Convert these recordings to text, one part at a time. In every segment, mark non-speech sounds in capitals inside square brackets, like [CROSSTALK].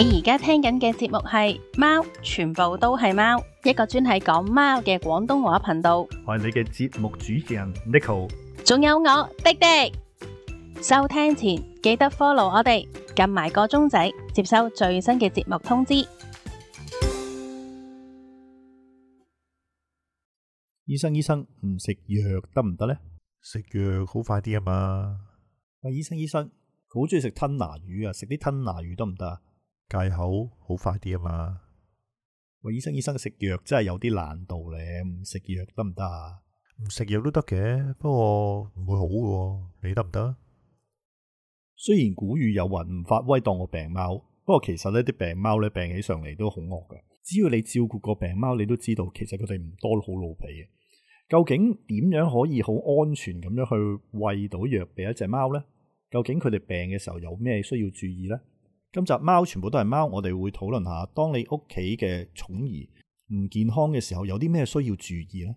你而家聽緊嘅節目係《貓》，全部都係貓，一個專係講貓嘅廣東話頻道。我係你嘅節目主持人 Neko，仲有我廸廸。收聽前記得 follow 我哋，撳埋個鐘仔，接收最新嘅節目通知醫醫行行。醫生，醫生唔食藥得唔得呢？食藥好快啲啊嘛。啊，醫生，醫生佢好中意食吞拿魚啊，食啲吞拿魚得唔得啊？戒口好快啲啊嘛！喂，醫生，醫生，食藥真係有啲難度咧。唔食藥得唔得啊？唔食藥都得嘅，不過唔會好嘅。你得唔得？雖然古語有云，唔發威當我病貓，不過其實呢啲病貓咧病起上嚟都好惡㗎。只要你照顧個病貓，你都知道其實佢哋唔多好老皮嘅。究竟點樣可以好安全咁樣去餵到藥俾一隻貓呢？究竟佢哋病嘅時候有咩需要注意呢？今集貓全部都係貓，我哋會討論下，當你屋企嘅寵兒唔健康嘅時候，有啲咩需要注意咧？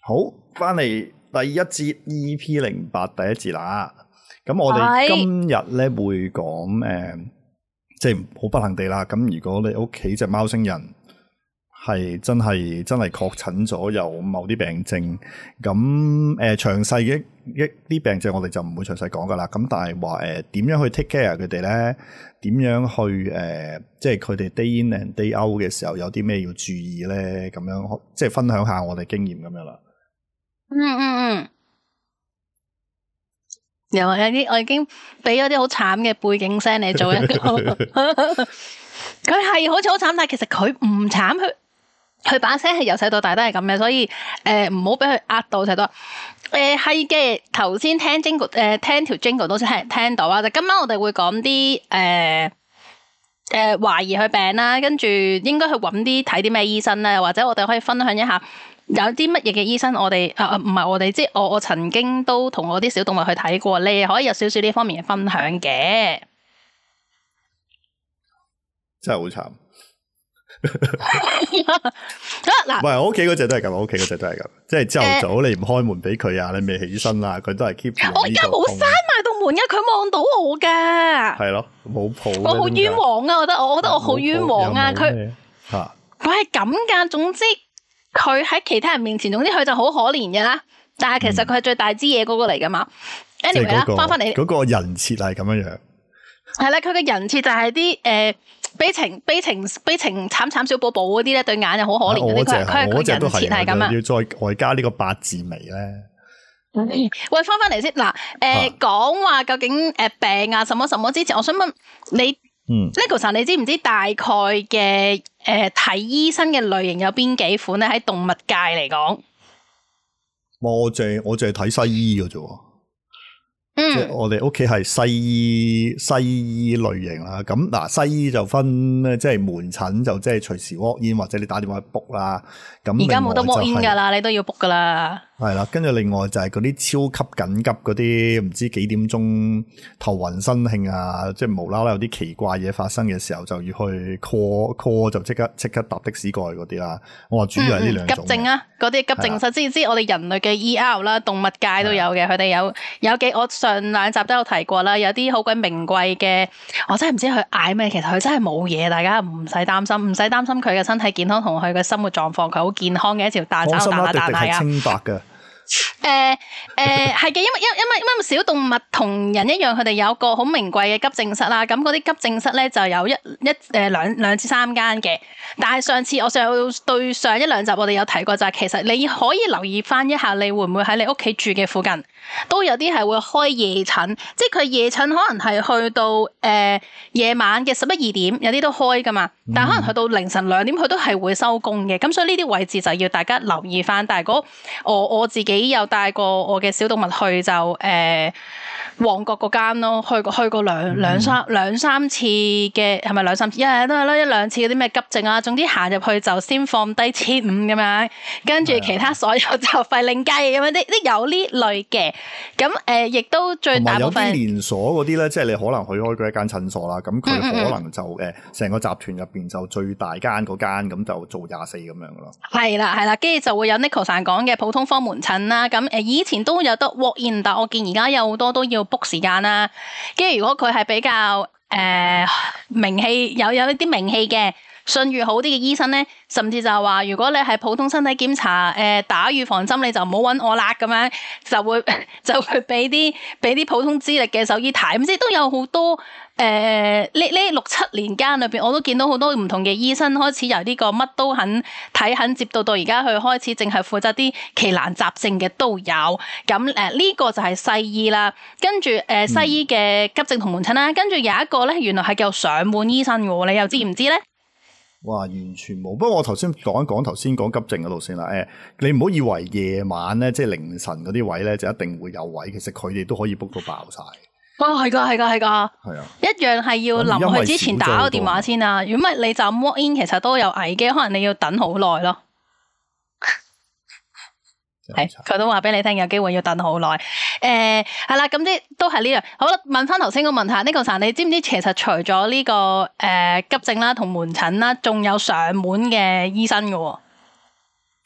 好，翻嚟第一節 E P 零八第一節啦。咁我哋今日咧會講，誒、呃，即係好不幸地啦。咁如果你屋企隻貓星人，係真係真係確診咗有某啲病症，咁誒、呃、詳細嘅一啲病症我哋就唔會詳細講噶啦。咁但係話誒點樣去 take care 佢哋咧？點樣去誒、呃、即係佢哋 day in and day out 嘅時候有啲咩要注意咧？咁樣即係分享下我哋經驗咁樣啦、嗯。嗯嗯嗯，又話有啲我已經俾咗啲好慘嘅背景聲嚟做一個，佢係 [LAUGHS] [LAUGHS] [LAUGHS] 好似好慘，但係其實佢唔慘佢。佢把聲係由細到大都係咁嘅，所以誒唔好俾佢壓到太多。誒係嘅，頭先聽 Jingle 誒、呃、聽條 Jingle 都聽聽到啊。就今晚我哋會講啲誒誒懷疑佢病啦，跟住應該去搵啲睇啲咩醫生咧？或者我哋可以分享一下有啲乜嘢嘅醫生我。啊、我哋啊啊唔係我哋，即係我我曾經都同我啲小動物去睇過。你可以有少少呢方面嘅分享嘅，真係好慘。啊嗱，唔係我屋企嗰隻都係咁，我屋企嗰隻都係咁。即係朝頭早你唔開門俾佢啊，你未起身啊，佢都係 keep。我而家冇閂埋到門噶，佢望到我噶。係咯，冇抱。我好冤枉啊！我覺得，我覺得我好冤枉啊！佢吓，佢係咁噶。總之佢喺其他人面前，總之佢就好可憐嘅啦。但係其實佢係最大支嘢嗰個嚟噶嘛。anyway 啦，翻翻嚟嗰個人設係咁樣樣，係啦，佢嘅人設就係啲誒。悲情悲情悲情慘慘小寶寶嗰啲咧，對眼就好可憐。嗰隻、啊，嗰隻都係要再外加呢個八字眉咧。喂，翻翻嚟先嗱，誒、呃，講話、啊、究竟誒病啊，什麼什麼之前，我想問你 Nicholas,、嗯、 你知唔知大概嘅誒睇醫生嘅類型有邊幾款咧？喺動物界嚟講，我我淨我淨係睇西醫嘅啫。嗯、即係我哋屋企係西醫，西醫類型啦，咁嗱，西醫就分咧，即係門診就即係隨時 walk in，或者你打電話去 book 啦。咁而家冇得 walk in 㗎啦，你都要 book 㗎啦。係啦，跟住另外就係嗰啲超級緊急嗰啲，唔知幾點鐘頭暈身㷫啊，即係無啦啦有啲奇怪嘢發生嘅時候，就要去 call call 就即刻即刻搭的士過去嗰啲啦。我話主要係呢兩、嗯、急症啊，嗰啲急症、啊、實之之，我哋人類嘅 ER 啦，動物界都有嘅，佢哋、啊、有有幾，我上兩集都有提過啦，有啲好鬼名貴嘅，我真係唔知佢嗌咩，其實佢真係冇嘢，大家唔使擔心，唔使擔心佢嘅身體健康同佢嘅生活狀況，佢好健康嘅一條大隻大隻大隻清白㗎。誒誒係嘅，因為因因為因為小動物同人一樣，佢哋有一個好名貴嘅急症室啦。咁嗰啲急症室咧就有一一誒兩兩至三間嘅。但係上次我上對上一兩集我哋有提過、就係，就係其實你可以留意翻一下，你會唔會喺你屋企住嘅附近都有啲係會開夜診，即係佢夜診可能係去到誒、呃、夜晚嘅十一二點，有啲都開㗎嘛。但係可能去到凌晨兩點，佢都係會收工嘅。咁所以呢啲位置就要大家留意翻。但係嗰、嗰個、我我自己。有又帶過我嘅小動物去就誒旺角嗰間咯，去過去過兩兩三 [LAUGHS] 兩三次嘅係咪兩三次？一都係咯，一兩次嗰啲咩急症啊，總之行入去就先放低千五咁樣，跟住其他所有就費令雞咁樣，啲啲有呢類嘅，咁誒亦都最大有啲連鎖嗰啲咧，即係你可能去開嗰一間診所啦，咁佢可能就誒成個集團入邊就最大間嗰間咁就做廿四咁樣咯。係啦係啦，跟住就會有 Neko 講嘅普通科門診。啦咁，誒以前都有得 walk in，但我見而家有好多都要 book 時間啦。跟住如果佢係比較誒、呃、名氣有有呢啲名氣嘅信譽好啲嘅醫生咧，甚至就話如果你係普通身體檢查誒、呃、打預防針，你就唔好揾我喇咁樣，就會就會俾啲俾啲普通資歷嘅獸醫睇，咁即係都有好多。誒，呢呢、呃、六七年間裏邊，我都見到好多唔同嘅醫生開始由呢個乜都肯睇肯接，到到而家佢開始淨係負責啲奇難雜症嘅都有。咁誒，呢個就係西醫啦。跟住誒，西醫嘅急症同門診啦。跟住有一個咧，原來係叫上門醫生嘅，你又知唔知咧？哇、呃！完全冇。不過我頭先講一講，頭先講急症嗰度先啦。誒，你唔好以為夜晚咧，即係凌晨嗰啲位咧就一定會有位。其實佢哋都可以 book 到爆晒。啊，係噶、哦，係噶，係噶，係啊！一樣係要臨去之前打個電話先啊，如果唔係你就 walk in，其實都有危機，可能你要等好耐咯。係茶，佢都話俾你聽，有機會要等好耐。誒、呃，係啦，咁啲都係呢樣。好啦，問翻頭先個問題，呢個 s i 你知唔知其實除咗呢、這個誒、呃、急症啦同門診啦，仲有上門嘅醫生噶？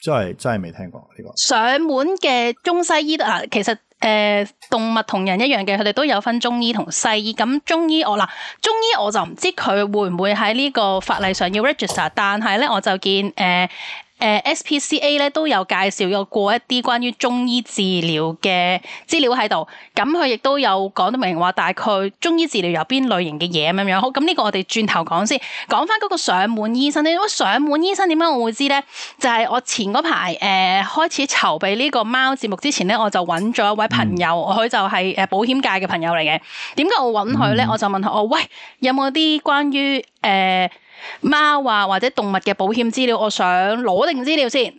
真係真係未聽過呢、呢個上門嘅中西醫啊。其實誒、呃、動物同人一樣嘅，佢哋都有分中醫同西醫。咁中醫我嗱，中醫我就唔知佢會唔會喺呢個法例上要 register，但係咧我就見誒。呃誒、uh, SPCA 咧都有介紹有過一啲關於中醫治療嘅資料喺度，咁佢亦都有講得明話大概中醫治療有邊類型嘅嘢咁樣好，咁、這、呢個我哋轉頭講先，講翻嗰個上門醫生咧。咁上門醫生點解我會知咧？就係、是、我前嗰排誒開始籌備呢個貓節目之前咧，我就揾咗一位朋友，佢、嗯、就係誒保險界嘅朋友嚟嘅。點解我揾佢咧？嗯、我就問佢我喂，有冇啲關於誒？呃貓啊，或者動物嘅保險資料，我想攞定資料先。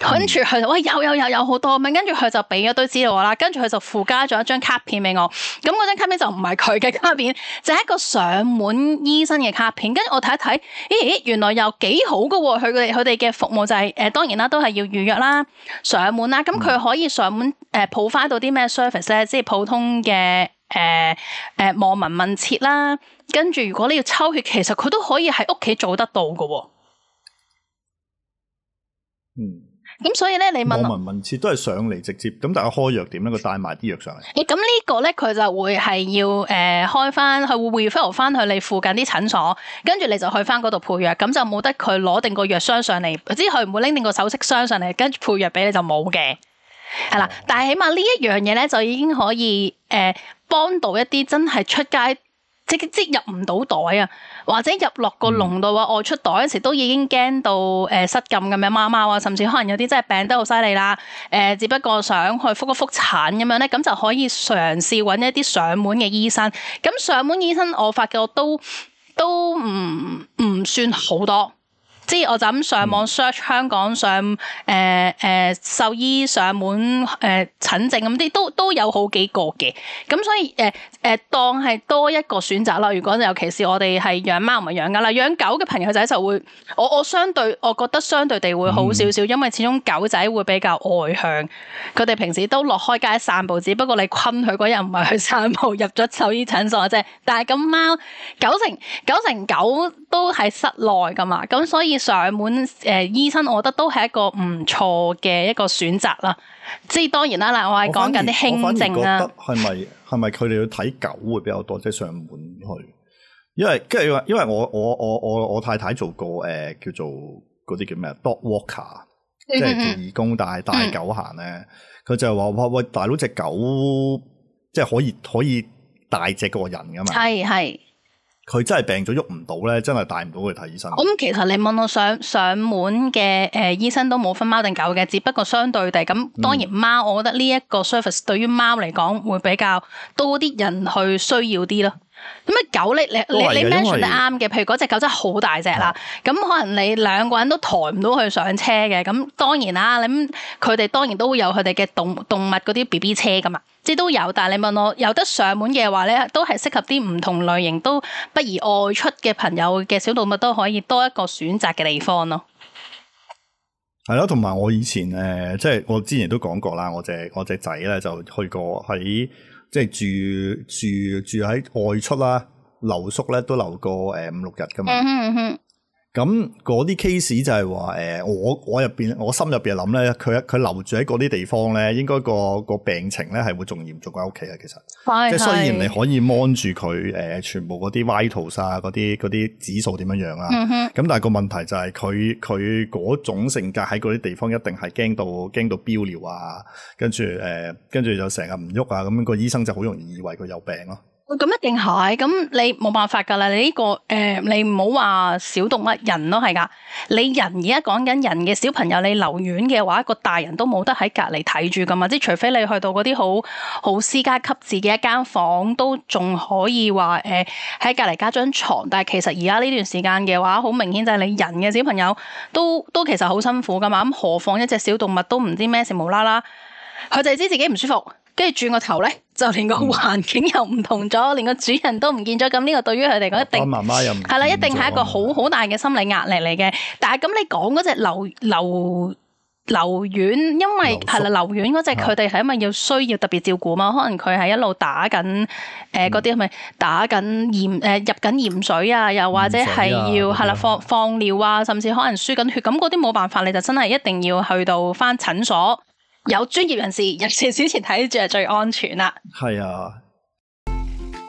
跟住佢就喂、哎、有有有有好多咁，跟住佢就俾咗堆資料我啦。跟住佢就附加咗一張卡片俾我。咁嗰張卡片就唔係佢嘅卡片，就係 [LAUGHS] 一個上門醫生嘅卡片。跟住我睇一睇，咦、哎，原來又幾好噶、啊。佢佢佢哋嘅服務就係、是、誒、呃，當然啦，都係要預約啦，上門啦。咁佢可以上門誒，抱、呃、翻到啲咩 service 咧？即係普通嘅。誒誒、uh, uh, 望聞問切啦，跟住如果你要抽血，其實佢都可以喺屋企做得到嘅喎、哦。嗯，咁所以咧，你問望聞問切都係上嚟直接，咁大家開藥點咧？佢帶埋啲藥上嚟。咁、嗯、呢個咧，佢就會係要誒、呃、開翻，佢會 refer 翻去你附近啲診所，跟住你就去翻嗰度配藥，咁就冇得佢攞定個藥箱上嚟，即係佢唔會拎定個首飾箱上嚟，跟住配藥俾你就冇嘅。係啦、哦，但係起碼呢一樣嘢咧，就已經可以誒。呃呃幫到一啲真係出街即即入唔到袋啊，或者入落個籠度話外出袋嗰時都已經驚到誒失禁咁樣，貓貓啊，甚至可能有啲真係病得好犀利啦。誒、呃，只不過想去覆一覆診咁樣咧，咁就可以嘗試揾一啲上門嘅醫生。咁上門醫生我發覺都都唔唔算好多。即係我就咁上網 search 香港上誒誒獸醫上門誒診、呃、症咁啲都都有好幾個嘅，咁所以誒誒、呃呃、當係多一個選擇啦。如果尤其是我哋係養貓唔係養狗啦，養狗嘅朋友仔就會我我相對我覺得相對地會好少少，因為始終狗仔會比較外向，佢哋平時都落開街散步，只不過你困佢嗰日唔係去散步，入咗獸醫診所啫。但係咁貓九成九成九都係室內噶嘛，咁所以。上門誒醫生，我覺得都係一個唔錯嘅一個選擇啦。即係當然啦，嗱，我係講緊啲輕症啦、啊。係咪係咪佢哋要睇狗會比較多，即係上門去？因為跟住因為我我我我我太太做過誒叫做嗰啲叫咩？dog walker， [LAUGHS] 即係叫義工，但係帶狗行咧，佢 [LAUGHS] 就話：喂喂，大佬隻狗即係可以可以大隻過人噶嘛？係係嗎。佢真係病咗喐唔到咧，真係帶唔到佢睇醫生。咁其實你問我上上門嘅誒、呃、醫生都冇分貓定狗嘅，只不過相對地咁，當然貓，我覺得呢一個 service 對於貓嚟講會比較多啲人去需要啲咯。咁啊狗你你你你 mention 得啱嘅，為譬如嗰隻狗真係好大隻啦，咁的可能你兩個人都抬唔到佢上車嘅，咁當然啦，咁佢哋當然都會有佢哋嘅動動物嗰啲 B B 車噶嘛，即係都有。但係你問我有得上門嘅話咧，都係適合啲唔同類型都不宜外出嘅朋友嘅小動物都可以多一個選擇嘅地方咯。係咯，同埋我以前誒、呃，即係我之前都講過啦，我隻我隻仔咧就去過喺。即係住住住喺外出啦，留宿咧都留過誒五六日噶嘛。嗯哼，嗯哼。咁嗰啲 case 就係話，誒我我入邊我心入邊諗咧，佢佢留住喺嗰啲地方咧，應該、嗰個個病情咧係會仲嚴重過屋企嘅，其實。即係是雖然你可以 mon 住佢，誒、呃、全部嗰啲 vitals 啊，嗰啲啲指數點樣樣啊。咁、嗯、哼但係個問題就係佢佢嗰種性格喺嗰啲地方一定係驚到驚到飆尿啊，跟住誒、呃、跟住就成日唔喐啊，咁、嗰個醫生就好容易以為佢有病咯、啊。咁一定係，咁你冇辦法噶啦。你呢個誒，你唔好話小動物，人都係噶。你人而家講緊人嘅小朋友，你留院嘅話，一個大人都冇得喺隔籬睇住噶嘛。即係除非你去到嗰啲好好私家給自己一間房，都仲可以話誒喺隔籬加張床。但係其實而家呢段時間嘅話，好明顯就係你人嘅小朋友都都其實好辛苦噶嘛。咁何況一隻小動物都唔知咩事，無啦啦，佢就係知自己唔舒服。跟住轉個頭咧，就連個環境又唔同咗，連個主人都唔見咗。咁、這、呢個對於佢哋講，一定係啦，一定係一個好好母大嘅心理壓力嚟嘅。但係咁，你講嗰隻留留留院，因為係啦，留院嗰隻佢哋係因為要需要特別照顧嘛。的可能佢係一路打緊誒嗰啲係咪打緊鹽誒入緊鹽水啊？又或者係要係啦、啊、的放放尿啊，甚至可能輸緊血。咁嗰啲冇辦法，你就真係一定要去到返診所。有專業人士廿四小時睇住係最安全啦。係啊，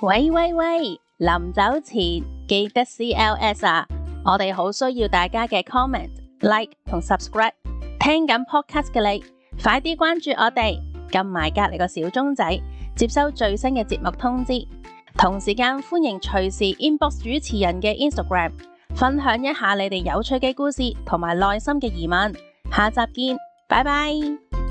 喂喂喂，臨走前記得 C L S 啊！我哋好需要大家嘅 comment、like 同 subscribe。聽緊 podcast 嘅你，快啲關注我哋，撳埋隔籬個小鐘仔，接收最新嘅節目通知。同時間歡迎隨時 inbox 主持人嘅 Instagram，分享一下你哋有趣嘅故事同埋內心嘅疑問。下集見，拜拜。